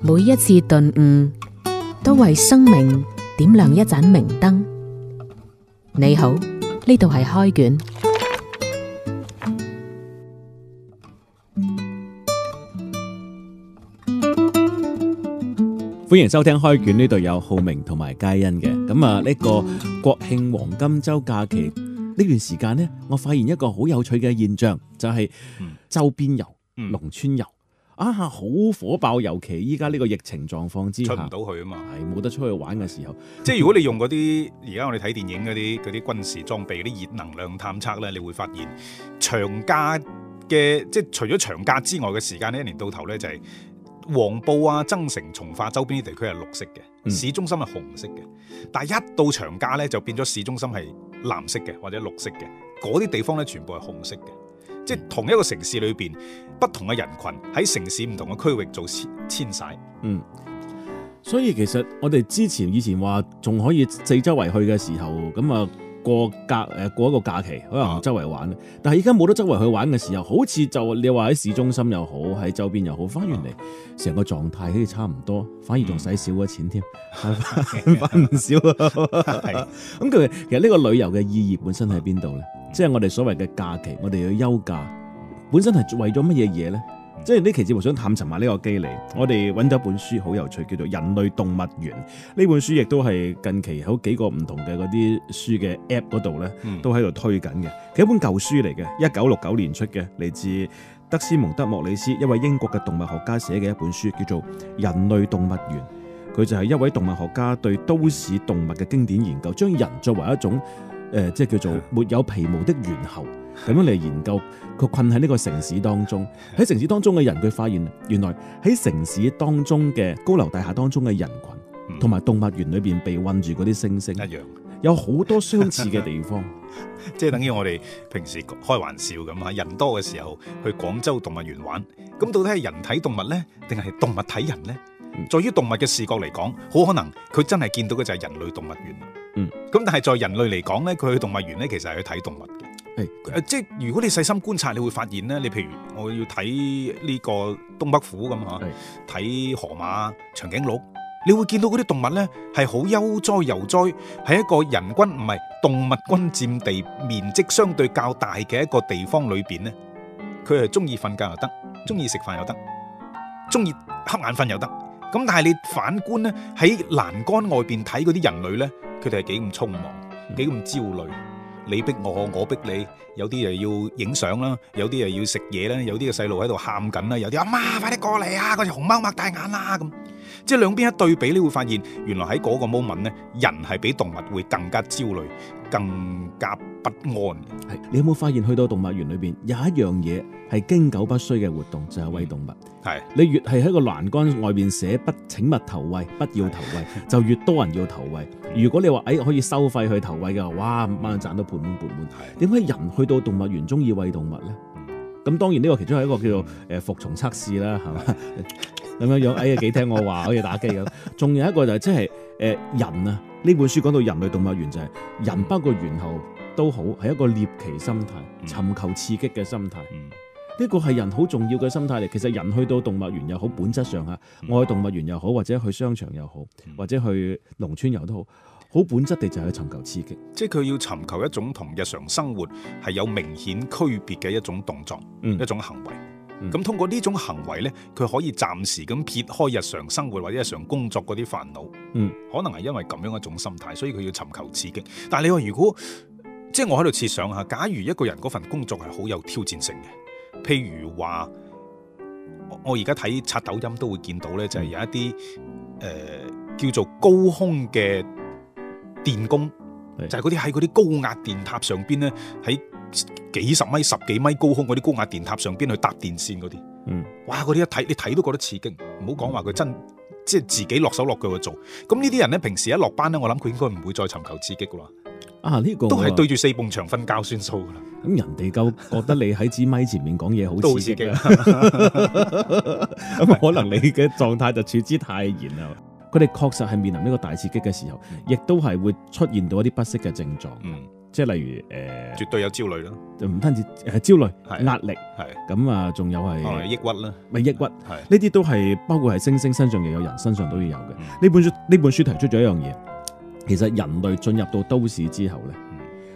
每一次頓悟，都為生命點亮一盞明燈。你好，呢度係開卷，歡迎收聽開卷。呢度有浩明同埋佳恩嘅。咁啊，呢個國慶黃金周假期呢段時間呢，我發現一個好有趣嘅現象，就係、是、周邊遊、農村遊。啊，好火爆！尤其依家呢個疫情狀況之下，出唔到去啊嘛，係冇得出去玩嘅時候。即係如果你用嗰啲而家我哋睇電影嗰啲嗰啲軍事裝備啲熱能量探測咧，你會發現長假嘅即係除咗長假之外嘅時間呢，一年到頭咧就係、是、黃埔啊、增城、從化周邊啲地區係綠色嘅，市中心係紅色嘅、嗯。但係一到長假咧，就變咗市中心係藍色嘅或者綠色嘅，嗰啲地方咧全部係紅色嘅。即係同一個城市裏邊，不同嘅人群喺城市唔同嘅區域做遷徙。嗯，所以其實我哋之前以前話仲可以四周圍去嘅時候，咁啊過假誒過一個假期可能周圍玩。嗯、但係而家冇得周圍去玩嘅時候，好似就你話喺市中心又好，喺周邊又好，返完嚟成個狀態好似差唔多，反而仲使少咗錢添，唔、嗯、 少咁。 是 其實其實呢個旅遊嘅意義本身喺邊度呢？嗯即係我哋所謂嘅假期，我哋去休假本身係為咗乜嘢嘢呢？即、嗯、係呢期節目想探尋埋呢個機理。嗯、我哋揾咗一本書好有趣，叫做《人類動物園》。呢本書亦都係近期喺幾個唔同嘅嗰啲書嘅 APP 嗰度呢，都喺度推緊嘅。佢一本舊書嚟嘅，一九六九年出嘅，嚟自德斯蒙德莫里斯一位英國嘅動物學家寫嘅一本書，叫做《人類動物園》。佢就係一位動物學家對都市動物嘅經典研究，將人作為一種，誒、呃，即係叫做沒有皮毛的猿猴，咁樣嚟研究佢困喺呢個城市當中，喺城市當中嘅人，佢發現原來喺城市當中嘅高樓大廈當中嘅人群，同埋動物園裏邊被困住嗰啲猩猩一樣、嗯、有好多相似嘅地方，即係 等於我哋平時開玩笑咁啊！人多嘅時候去廣州動物園玩，咁到底係人睇動物呢，定係動物睇人呢？嗯、在於動物嘅視覺嚟講，好可能佢真係見到嘅就係人類動物園。嗯，咁但係在人類嚟講咧，佢去動物園咧，其實係去睇動物嘅。係、嗯、誒、即係如果你細心觀察，你會發現咧，你譬如我要睇呢個東北虎咁嗬，睇、嗯、河馬、長頸鹿、嗯，你會見到嗰啲動物咧係好悠哉游哉，喺一個人均唔係動物均佔地面積相對較大嘅一個地方裏邊咧，佢係中意瞓覺又得，中意食飯又得，中意瞌眼瞓又得。咁但係你反觀咧，喺欄杆外面睇嗰啲人類咧，佢哋係幾咁匆忙，幾咁焦慮，你逼我，我逼你，有啲又要影相啦，有啲又要食嘢啦，有啲細路喺度喊緊啦，有啲阿媽快啲過嚟啊！嗰隻熊貓擘大眼啦咁。即係兩邊一對比，你會發現原來喺嗰個 moment 呢人係比動物會更加焦慮、更加不安嘅。你有冇發現？去到動物園裏邊有一樣嘢係經久不衰嘅活動，就係、係、餵動物。係、嗯，你越係喺個欄杆外邊寫不請勿投餵，不要投餵，就越多人要投餵、嗯。如果你話誒可以收費去投餵嘅話，哇，掹賺到盆滿缽滿。係，點解人去到動物園中意餵動物呢？咁當然呢個其中係一個叫做誒服從測試啦，係嘛，咁樣樣，哎呀幾聽我話，好似打機咁。仲有一個就係即係誒人啊，呢本書講到人類動物園就係人，包括猿猴都好，係一個獵奇心態，尋求刺激嘅心態。呢個係人好重要嘅心態嚟。其實人去到動物園又好，本質上嚇我去動物園又好，或者去商場又好，或者去農村遊都好。好本質地就係去尋求刺激，即係佢要尋求一種同日常生活係有明顯區別嘅一種動作，嗯，一種行為。咁，嗯、通過呢種行為呢，佢可以暫時咁撇開日常生活或者日常工作嗰啲煩惱。嗯，可能係因為咁樣一種心態，所以佢要尋求刺激。但係你話，如果即係我喺度設想下，假如一個人嗰份工作係好有挑戰性嘅，譬如話我而家睇刷抖音都會見到呢，就係有一啲誒、嗯、呃、叫做高空嘅。電工就係嗰啲喺嗰啲高壓電塔上邊咧，喺幾十米、十幾米高空嗰啲高壓電塔上邊去搭電線嗰啲，嗯、哇！嗰啲一睇你睇都覺得刺激，唔好講話佢真、嗯、即係自己落手落腳去做。咁呢啲人咧，平時一落班咧，我諗佢應該唔會再尋求刺激噶啦。啊、呢、這個都係對住四埲牆瞓覺算數噶啦。咁、啊、人哋夠覺得你喺支咪前面講嘢好刺激，咁 可能你嘅狀態就處之泰然啦。佢哋確實係面臨呢個大刺激嘅時候，亦都係會出現到一啲不適嘅症狀，嗯、即係例如誒、呃，絕對有焦慮啦，就唔單止係焦慮、壓力，係咁啊，仲、嗯、有係抑鬱啦，咪抑鬱，係呢啲都係包括喺猩猩身上嘅，有人身上都要有嘅。呢、嗯、本書呢本書提出咗一樣嘢，其實人類進入到都市之後咧，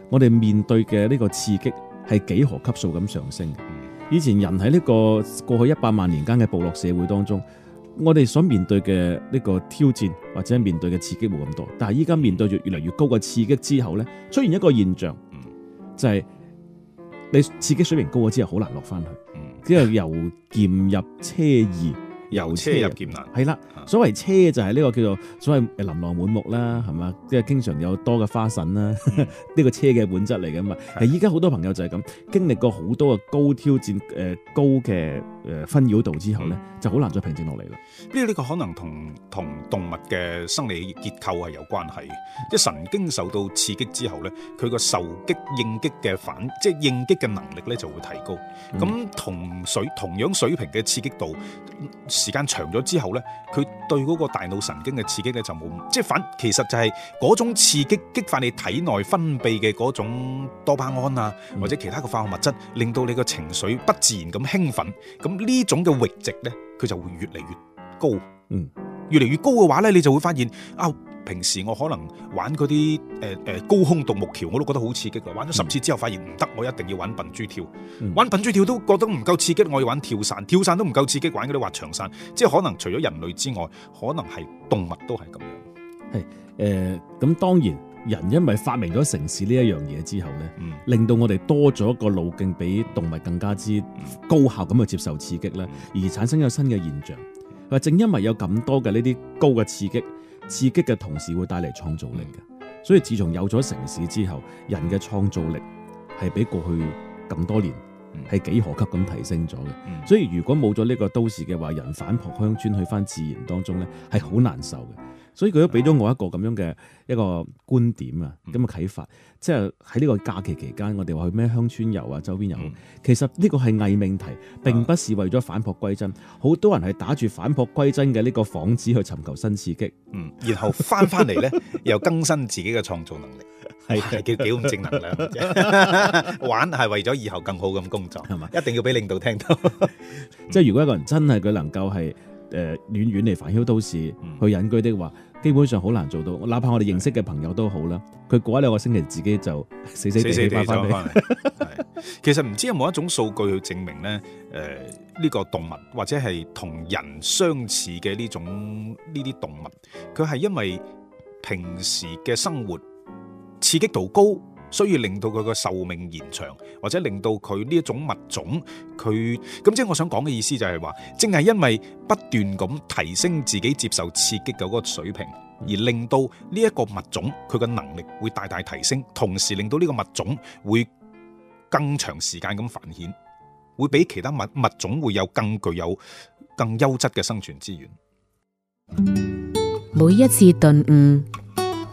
我哋面對嘅呢個刺激係幾何級數咁上升嘅。以前人喺呢個過去一百萬年間嘅部落社會當中，我哋所面對嘅呢個挑戰或者面對嘅刺激冇咁多，但係依家面對越越嚟越高嘅刺激之後咧，出現一個現象，就係、是、你刺激水平高咗之後，好難落翻去，即、嗯、係由儉入奢易、嗯，由奢入儉難。係啦、啊，所謂奢就係呢個叫做所謂琳琅滿目啦，係嘛，即、就、係、是、經常有多嘅花神啦，呢、嗯這個奢嘅本質嚟嘅嘛。係依家好多朋友就係咁經歷過好多嘅高挑戰，誒、呃、高嘅。誒、呃、紛擾到之後咧，就好難再平靜落嚟啦。邊、嗯、呢、這個可能同同動物嘅生理結構係有關係、嗯？即係神經受到刺激之後咧，佢個受激應激嘅反，即係應激嘅能力咧就會提高。咁、嗯、同水同樣水平嘅刺激度，時間長咗之後咧，佢對嗰個大腦神經嘅刺激咧就冇，即係反其實就係嗰種刺激激發你體內分泌嘅嗰種多巴胺啊，嗯、或者其他嘅化學物質，令到你嘅情緒不自然咁興奮。咁呢種嘅閾值呢，佢就會越嚟越高。嗯，越嚟越高嘅話呢，你就會發現啊、哦，平時我可能玩嗰啲誒誒高空獨木橋，我都覺得好刺激。玩咗十次之後，發現唔得，我一定要玩笨豬跳。玩笨豬跳都覺得唔夠刺激，我要玩跳傘。跳傘都唔夠刺激，玩嗰啲滑翔傘。即係可能除咗人類之外，可能係動物都係咁樣。係誒，咁、呃、當然。人因為發明咗城市呢一樣嘢之後咧、嗯，令到我哋多咗一個路徑，比動物更加之高效咁去接受刺激咧、嗯，而產生有新嘅現象。話、嗯、正因為有咁多嘅呢啲高嘅刺激，刺激嘅同時會帶嚟創造力嘅、嗯。所以自從有咗城市之後，人嘅創造力係比過去咁多年係幾何級咁提升咗嘅、嗯。所以如果冇咗呢個都市嘅話，人返璞鄉村去翻自然當中咧，係好難受嘅。所以佢都俾咗我一個咁樣嘅一個觀點啊，咁、嗯、嘅啟發，即係喺呢個假期期間，我哋話去咩鄉村遊啊、周邊遊，嗯、其實呢個係偽命題，並不是為咗反璞歸真。好、嗯、多人係打住反璞歸真嘅呢個幌子去尋求新刺激，嗯，然後翻翻嚟咧又更新自己嘅創造能力，係 叫幾咁正能量， 玩係為咗以後更好咁工作，係嘛？一定要俾領導聽到。 嗯、即係如果一個人真係佢能夠係。誒、呃、遠遠嚟煩囂都市去隱居的話，基本上好難做到。哪怕我哋認識嘅朋友都好啦，佢過一兩個星期自己就死死地死死咗翻嚟。其實唔知有冇一種數據去證明咧？誒、呃、呢、呢個動物或者係同人相似嘅呢種呢啲動物，佢係因為平時嘅生活刺激度高。所以令到佢嘅壽命延長，或者令到佢呢一種物種佢咁，即係我想講嘅意思就係話，正係因為不斷咁提升自己接受刺激嘅嗰個水平，而令到呢一個物種佢嘅能力會大大提升，同時令到呢個物種會更長時間咁繁衍，會比其他物物種會有更具有更優質嘅生存資源。每一次頓悟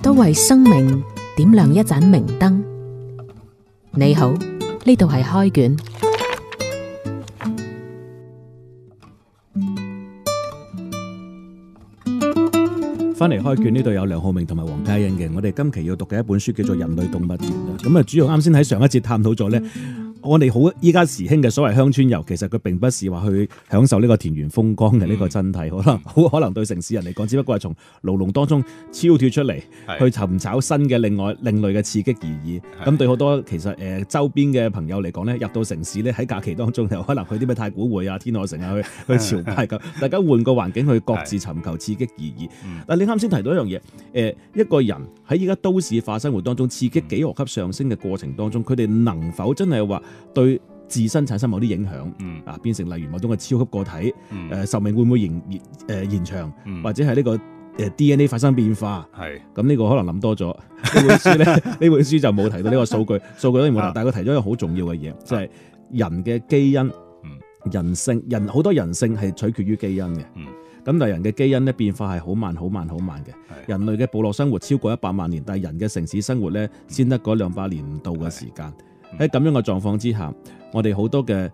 都為生命點亮一盞明燈。你好，呢度係開卷。翻嚟開卷呢度有梁浩明同埋黃嘉欣嘅。我哋今期要讀嘅一本書叫做《人類動物園》啊。咁啊，主要啱先喺上一節探討咗咧。我哋好依家時興嘅所謂鄉村遊，其實佢並不是話去享受呢個田園風光嘅呢個真諦，可能好可能對城市人嚟講，只不過係從牢籠當中超脱出嚟，去尋找新嘅另外另類嘅刺激而已。咁對好多其實、呃、周邊嘅朋友嚟講呢，入到城市呢，喺假期當中，可能去啲咩太古匯啊、 天河城啊去去朝拜咁，大家換個環境去各自尋求刺激而已。但你啱先提到一樣嘢、呃，一個人喺依家都市化生活當中刺激幾何級上升嘅過程當中，佢哋能否真係話對自身產生某啲影響，啊、嗯，變成例如某種嘅超級個體，誒、嗯呃，壽命會唔會延延誒延長？嗯、或者係呢個誒 DNA 發生變化？係咁呢個可能諗多咗呢本書咧，呢 本書就冇提到呢個數據，數 據都冇、啊，但佢提咗一個好重要嘅嘢，即、啊、係、就是、人嘅基因、嗯，人性，人好多人性係取決於基因嘅。咁、嗯、但係人嘅基因咧變化係好慢好慢好慢嘅，人類嘅部落生活超過一百萬年，但係人嘅城市生活咧先得嗰兩百年度嘅時間。喺咁樣嘅狀況之下，我哋好多嘅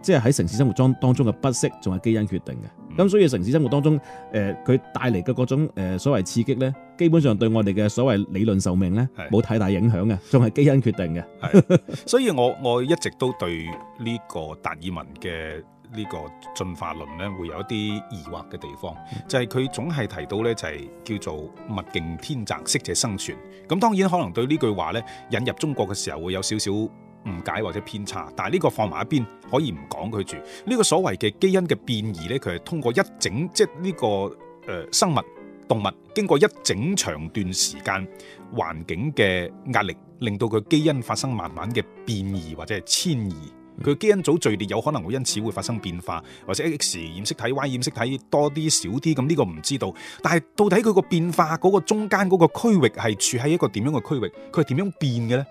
即係喺城市生活中當中嘅不適，仲係基因決定嘅。咁、嗯、所以城市生活當中，誒、呃、佢帶嚟嘅各種、呃、所謂刺激咧，基本上對我哋嘅所謂理論壽命咧，冇太大影響嘅，仲係基因決定嘅。係，所以我我一直都對呢個達爾文嘅。呢、這個進化論咧會有一啲疑惑嘅地方，嗯、就係、是、佢總係提到咧就係叫做物競天擇，適者生存。咁當然可能對呢句話咧引入中國嘅時候會有少少誤解或者偏差，但係呢個放埋一邊可以唔講佢住。呢、這個所謂嘅基因嘅變異咧，佢係通過一整即係呢個誒、呃、生物動物經過一整長段時間環境嘅壓力，令到佢基因發生慢慢嘅變異或者係遷移。佢基因組序列有可能會因此會發生變化，或者 X 染色體、Y 染色體多啲少啲，咁、這、呢個唔知道。但係到底佢個變化嗰、那個中間嗰個區域係處喺一個點樣嘅區域？佢係點樣變嘅呢？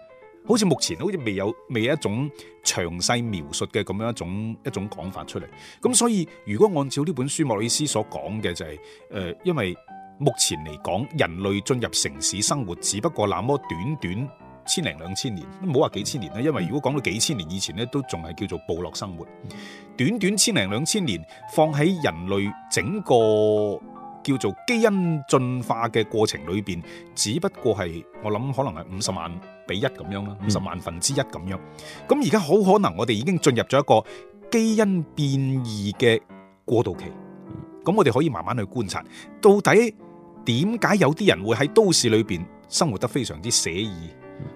好似目前好似未有未有一種詳細描述嘅咁樣一種一種講法出嚟。咁所以如果按照呢本書莫里斯所講嘅就係、是、誒、呃，因為目前嚟講人類進入城市生活，只不過那麼短短千零兩千年都唔好話幾千年咧，因為如果講到幾千年以前咧，都仲係叫做部落生活。短短千零兩千年，放喺人類整個叫做基因進化嘅過程裏邊，只不過係我諗可能係五十萬比一咁樣啦，五十萬分之一咁樣。咁而家好可能我哋已經進入咗一個基因變異嘅過渡期。咁我哋可以慢慢去觀察，到底點解有啲人會喺都市裏邊生活得非常之寫意？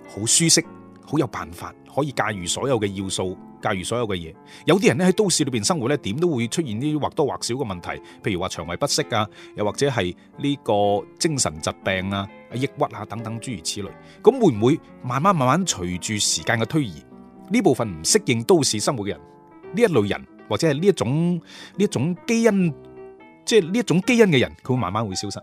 好舒適，好有辦法，可以駕馭所有嘅要素，駕馭所有嘅嘢。有啲人咧喺都市裏邊生活咧，點都會出現啲或多或少嘅問題，譬如話腸胃不適啊，又或者係呢個精神疾病啊、抑鬱啊等等諸如此類。咁會唔會慢慢慢慢隨住時間嘅推移，呢部分唔適應都市生活嘅人，呢一類人或者係呢一種呢一種基因，即係呢一種基因嘅人，佢會慢慢會消失。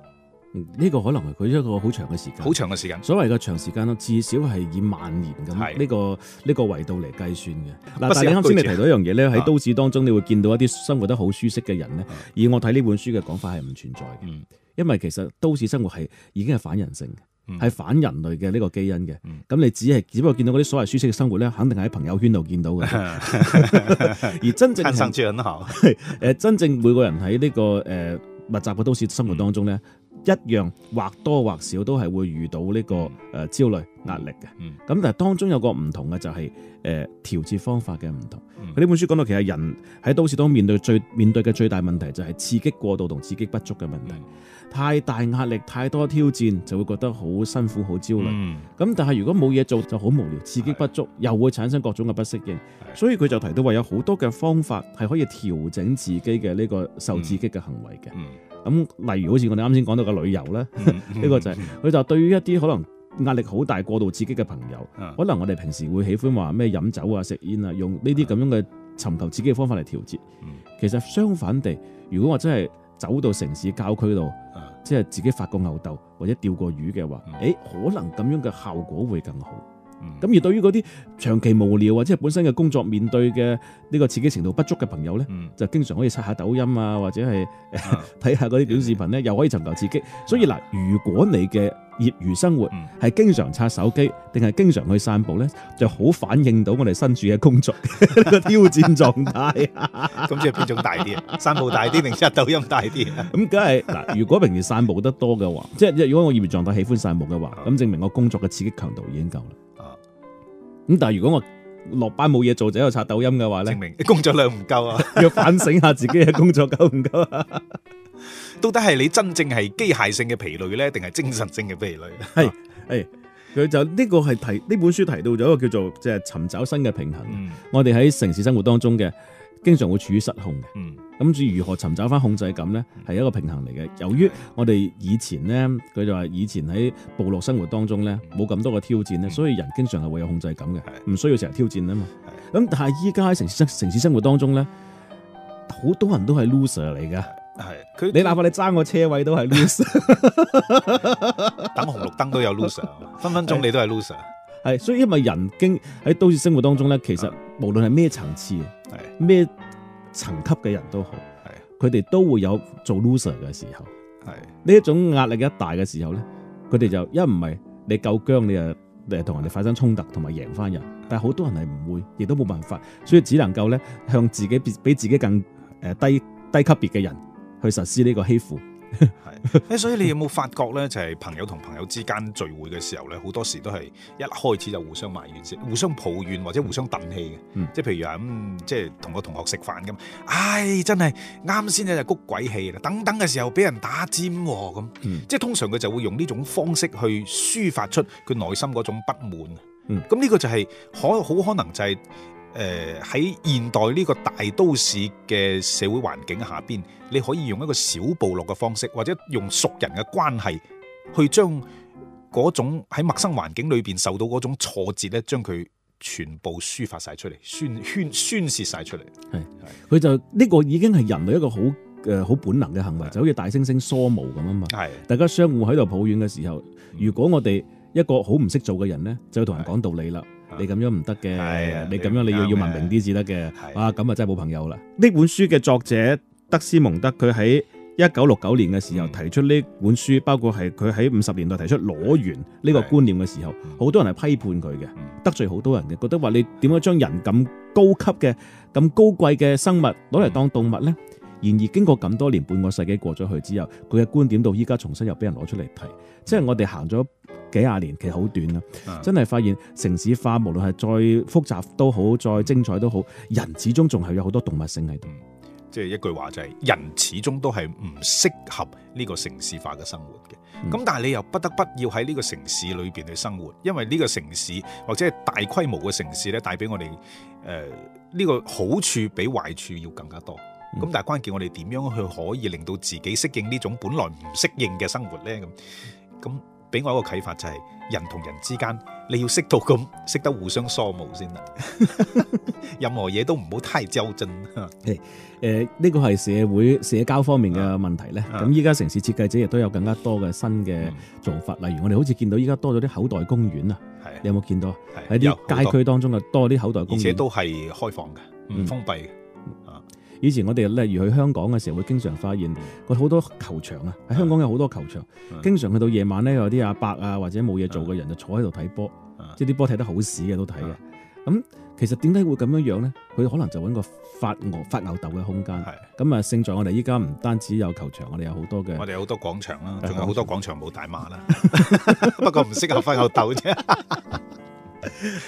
呢、這個可能係佢一個好長嘅時間，好長嘅時間。所謂嘅長時間咯，至少係以萬年咁呢、這個呢、這個維度嚟計算嘅。嗱，但係你啱先你提到一樣嘢咧，喺都市當中、啊、你會見到一啲生活得好舒適嘅人咧，以、嗯、我睇呢本書嘅講法係唔存在嘅、嗯。因為其實都市生活係已經係反人性嘅，係、嗯、反人類嘅呢個基因嘅。咁、嗯、你只係只不過見到嗰啲所謂舒適嘅生活咧，肯定喺朋友圈度見到嘅。 而真正，看上去很好。誒，真正每個人喺呢、這個誒、呃、密集嘅都市生活當中咧。嗯一樣或多或少都係會遇到呢、這個誒、嗯呃、焦慮壓力嘅。咁、嗯、但係當中有一個唔同嘅就係、是、誒、呃、調節方法嘅唔同。佢、嗯、呢本書講到其實人喺都市當面對最面對嘅最大問題就係刺激過度同刺激不足嘅問題、嗯。太大壓力，太多挑戰，就會覺得好辛苦，好焦慮。咁、嗯、但係如果冇嘢做就好無聊，刺激不足又會產生各種嘅不適應。所以佢就提到話有好多嘅方法係可以調整自己嘅呢、這個受刺激嘅行為嘅。嗯嗯咁例如好似我哋啱先講到嘅旅遊咧，呢、嗯、個、嗯嗯、 就係佢就對於一啲可能壓力好大、過度刺激嘅朋友、啊，可能我哋平時會喜歡話咩飲酒啊、食煙啊，用呢啲咁樣嘅尋求刺激嘅方法嚟調節、嗯。其實相反地，如果我真係走到城市郊區度、啊，即係自己發個吽哣或者釣過魚嘅話，誒、嗯欸、可能咁樣嘅效果會更好。咁、嗯、而對於嗰啲長期無聊或者本身嘅工作面對嘅呢個刺激程度不足嘅朋友咧、嗯，就經常可以刷下抖音啊，或者係睇下嗰啲短視頻咧、嗯，又可以尋求刺激。所以嗱、嗯，如果你嘅業餘生活係、嗯、經常刷手機，定係經常去散步咧，就好反映到我哋身處嘅工作、嗯、 個挑戰狀態。咁即係邊種大啲啊？散步大啲定刷抖音大啲？咁梗係嗱，如果平時散步得多嘅話， 即係如果我業餘狀態喜歡散步嘅話，咁證明我工作嘅刺激強度已經夠啦。咁但係如果我落班冇嘢做就喺度刷抖音嘅話咧，證明工作量唔夠啊， 要反省下自己嘅工作夠唔夠啊 ？ 到底係你真正係機械性嘅疲累咧，定係精神性嘅疲累？係 誒，佢就呢、這個係提呢本書提到咗一個叫做即係、就是、尋找新嘅平衡。嗯、我哋喺城市生活當中嘅，經常會處於失控嘅。嗯咁即係如何尋找翻控制感咧？係一個平衡嚟嘅。由於我哋以前咧，佢就話以前喺部落生活當中咧，冇咁多嘅挑戰咧，所以人經常係會有控制感嘅，唔需要成日挑戰啊嘛。咁但係依家喺城市城市生活當中咧，好多人都係 loser 嚟噶。係佢，你哪怕你爭個車位都係 loser，等紅綠燈都有 loser，分分鐘你都係 loser。係，所以因為人經喺都市生活當中咧，其實無論係咩層次，係咩層級嘅人都好，係，佢哋都會有做 loser 嘅時候，係。呢一種壓力一大嘅時候咧，佢哋就一唔係你夠僵，你誒誒同人哋發生衝突，同埋贏翻人，但係好多人係唔會，亦都冇辦法，所以只能夠咧向自己比比自己更誒低低級別嘅人去實施呢個欺負。係 所以你有冇發覺呢？就係、是、朋友同朋友之間聚會嘅時候呢，好多時都係一開始就互相埋怨、互相抱怨或者互相戥氣嘅。即係譬如啊，即係同個同學食飯咁，唉、哎，真係啱先呢，就谷鬼氣啦，等等嘅時候俾人打尖喎，咁、嗯，即係通常佢就會用呢種方式去抒發出佢內心嗰種不滿。嗯，咁呢個就係可好可能就係、是。誒、呃，喺現代呢個大都市嘅社會環境下邊，你可以用一個小部落嘅方式，或者用熟人嘅關係，去將嗰種喺陌生環境裏邊受到嗰種挫折咧，將佢全部抒發晒出嚟，宣宣宣洩晒出嚟。係，佢就呢、這個已經係人類一個好誒好本能嘅行為，就好似大猩猩梳毛咁啊嘛。係，大家相互喺度抱怨嘅時候，如果我哋一個好唔識做嘅人咧，就要同人講道理啦。你咁樣唔得嘅，你咁樣你要你要文明啲至得嘅。哇，咁啊真係冇朋友啦！呢本書嘅作者德斯蒙德，佢喺一九六九年嘅時候提出呢本書，嗯、包括係佢喺五十年代提出「裸猿」呢個觀念嘅時候，好多人係批判佢嘅、嗯，得罪好多人嘅，覺得話你點解將人咁高級嘅、咁高貴嘅生物攞嚟當動物呢？嗯、然而經過咁多年半個世紀過咗去之後，佢嘅觀點到依家重新又俾人攞出嚟提，即係我哋行咗。幾廿年其實好短啦、嗯，真係發現城市化無論係再複雜都好，再精彩都好、嗯，人始終仲係有好多動物性喺度。即、嗯、係、就是、一句話就係、是，人始終都係唔適合呢個城市化嘅生活嘅。咁、嗯、但係你又不得不要喺呢個城市裏邊去生活，因為呢個城市或者係大規模嘅城市咧，帶俾我哋誒呢個好處比壞處要更加多。咁、嗯、但係關鍵我哋點樣去可以令到自己適應呢種本來唔適應嘅生活呢？咁咁。俾我一個啟發就係、是、人同人之間你要識到咁識得互相梳毛先得。 任何嘢都唔好太較真、hey, 呃。誒、這、呢個係社會社交方面嘅問題咧。咁依家城市設計者亦都有更加多嘅新嘅做法、嗯，例如我哋好似見到依家多咗啲口袋公園啊。係，你有冇見到？喺啲街區當中嘅多啲口袋公園，而且都係開放嘅，唔、嗯、封閉。以前我哋例如去香港嘅時候，會經常發現佢好多球場啊，喺香港有好多球場，在球場經常去到夜晚咧，有啲阿伯啊或者冇嘢做嘅人就坐喺度睇波，即係啲波睇得好屎嘅都睇嘅。咁其實點解會咁樣樣咧？佢可能就揾個發，發吽發吽鬥嘅空間。咁啊，勝在我哋依家唔單止有球場，我哋有好多嘅，我哋好多廣場啦、啊，仲有好多廣場舞大媽啦， 不過唔適合發吽鬥啫。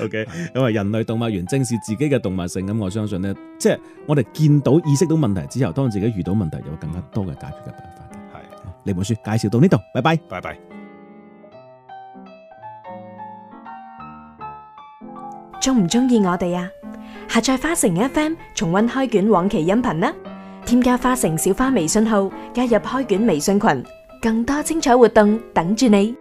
O K，咁啊，人類動物園正視自己嘅動物性，咁我相信呢，即係我哋見到、意識到問題之後，當自己遇到問題，有更加多嘅解決嘅辦法。係呢本書介紹到呢度，拜拜，拜拜。中唔中意我哋啊？下載花城 F M 重温開卷往期音頻啦，添加花城小花微信號，加入開卷微信群，更多精彩活動等住你。